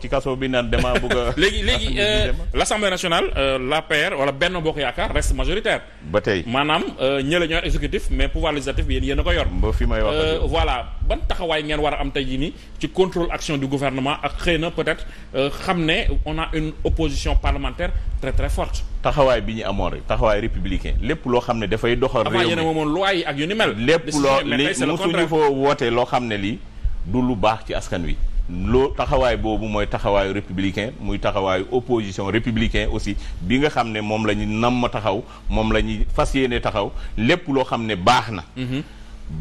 ci kaso bi naan dama bëgg a. léegi léegi l' la euh, nationale euh, l'APR wala Benno Bokk Yaakaar reste majoritaire. ba tey maanaam euh, ñële ñoo exécutif mais pouvoir législatif bi yéen yéen a ko yor. ba fi may wax voilà ban taxawaay ngeen war a am tey jii nii ci contrôle action du gouvernement ak xëy na peut-être xam ne on a une opposition parlementaire très très forte. taxawaay bi ñu amoon rek taxawaay républicain lépp loo xam ne dafay doxal. réew mi avant yéen a ak yu loo li mosuñu loo xam ne lii du lu baax ci askan wi. loo taxawaay boobu mooy taxawaayu républicain muy taxawaayu opposition républicain aussi bi nga xam ne moom la ñu nam taxaw moom la ñuy fas yéene taxaw lépp loo xam ne baax na mm-hmm.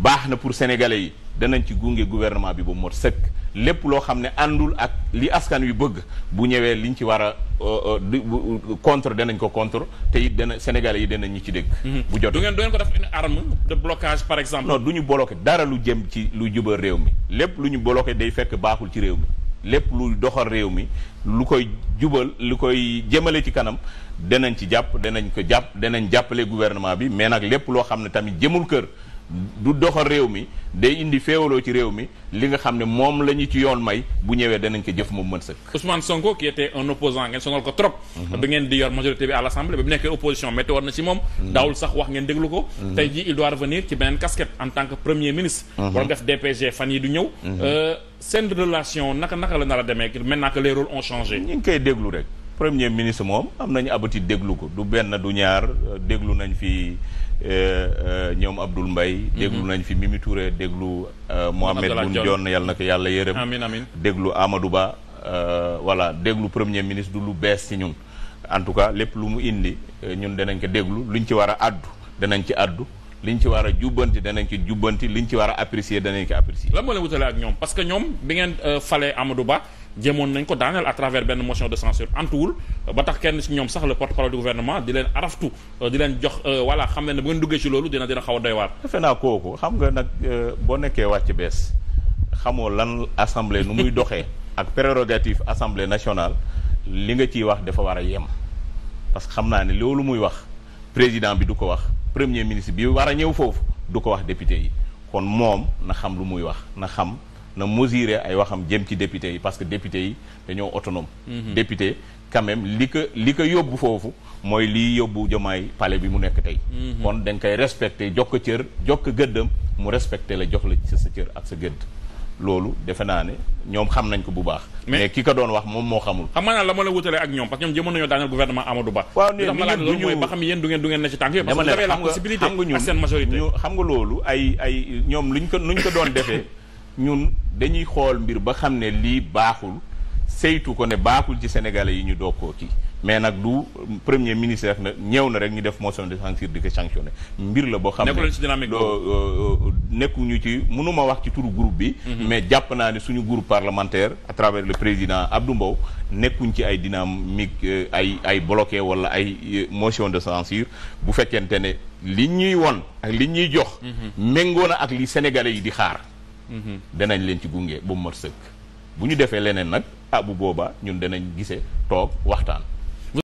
baax na pour sénégalais yi danañ ci gunge gouvernement bi ba mot sëkk lépp loo xam ne àndul ak li askan wi bëgg bu ñëwee liñ ci war a euh, euh, contre danañ ko contre te it dana Sénégalais yi danañ ñu ci dégg. Mm-hmm. bu jot du ngeen du ngeen ko def une arme de blocage par exemple. non du ñu bloqué dara lu jëm ci lu jubal réew mi lépp lu ñu bloqué day fekk baaxul ci réew mi. lépp lu doxal réew mi lu koy jubal lu koy jëmale ci kanam danañ ci jàpp danañ ko jàpp danañ jàppale gouvernement bi mais nag lépp loo xam ne tamit jëmul kër. du doxal réew mi day indi féewaloo ci réew mi li nga xam ne moom la ñu ci yoon may bu ñëwee danañ ko jëf moom mën sëkk Ousmane Sonko qui était un opposant ngeen sonal ko trop mhm. bi ngeen di yor majorité bi à l'Assemblée ba bu nekkee opposition métti woon na ci moom mhm. daawul sax wax ngeen déglu ko mhm. tey jii il doit revenir ci beneen casquette en tant que premier ministre war def DPG fan yi du ñëw euh, seen relation naka naka la nar a demee maintenant que les rôles ont changé ñu ngi koy déglu rek premier ministre moom am nañu abati déglu ko du benn du ñaar déglu nañ fi euh, euh, ñoom abdul mbay mhm. déglu nañ fi Mimi Touré déglu euh, Mohamed Boun Dionne yàlla na ko yàlla yërëm amiin amiin déglu Amadou Ba voilà déglu premier ministre du lu bees ci ñun en tout cas lépp lu mu indi ñun danañ ko déglu lu ñu ci war a àddu danañ ci àddu li liñ ci war a jubbanti danañ ci jubbanti liñ ci war a apprécier danañ ko apprécier. lan moo leen wutale ak ñoom parce que ñoom bi ngeen euh, falee Amadou Ba jéemoon nañ ko daaneel à travers benn motion de censure antuwul ba tax kenn ci ñoom sax le porte-parole du leen araftu euh, di leen jox euh, voilà xam ne ne duggee ci loolu dina dina xaw a doy waar. defe naa kooku nga nag boo nekkee wàcc bees xamoo lan assemblée nu muy doxee ak prérogative assemblée nationale li nga ciy wax dafa war a yem parce que xam naa ne loolu muy wax président bi du ko wax. premier ministre bi war a ñëw foofu du ko wax député yi kon moom na xam lu muy wax na xam na mesurer ay waxam jëm ci député yi parce que député yi dañoo autonome mhm. député quand li ko li ko yóbbu foofu mooy lii yóbbu jomaay pale bi mu nekk tey mhm. kon dañ koy respecté jox ko cër jox ko gëddam mu respecté la jox la ci sa cër ak sa gëdd loolu defe naa ne ñoom xam nañ ko bu baax. mais ki ko doon wax moom moo xamul. xam naa la ma la wutalee ak ñoom parce que ñoom jëmoon nañoo daaneel gouvernement Amadou Ba. waaw nee nañ ñun du ñu ba xam yéen du ne ay ay ñoom luñ ko luñ ko doon defee ñun dañuy xool mbir ba xam ne lii baaxul saytu ko ne baaxul ci sénégalais yi ñu doog koo kii mais nag du premier ministre na ñëw na rek ñu def motion de censure di ko sanctionné mbir la boo xam ne euh, euh, nekkuñu ci mënuma wax ci turu groupe bi mhm. mais jàpp naa ne suñu groupe parlementaire à travers le président Abdou Mbow nekkuñ ci ay dynamique euh, ay ay bloqué wala ay motion de censure bu fekkente ne li ñuy won ak li ñuy jox mhm. méngoo na ak li sénégalais yi di xaar mhm. danañ leen ci gunge ba mu mat sëkk bu ñu defee leneen nag ah bu boobaa ñun danañ gise toog waxtaan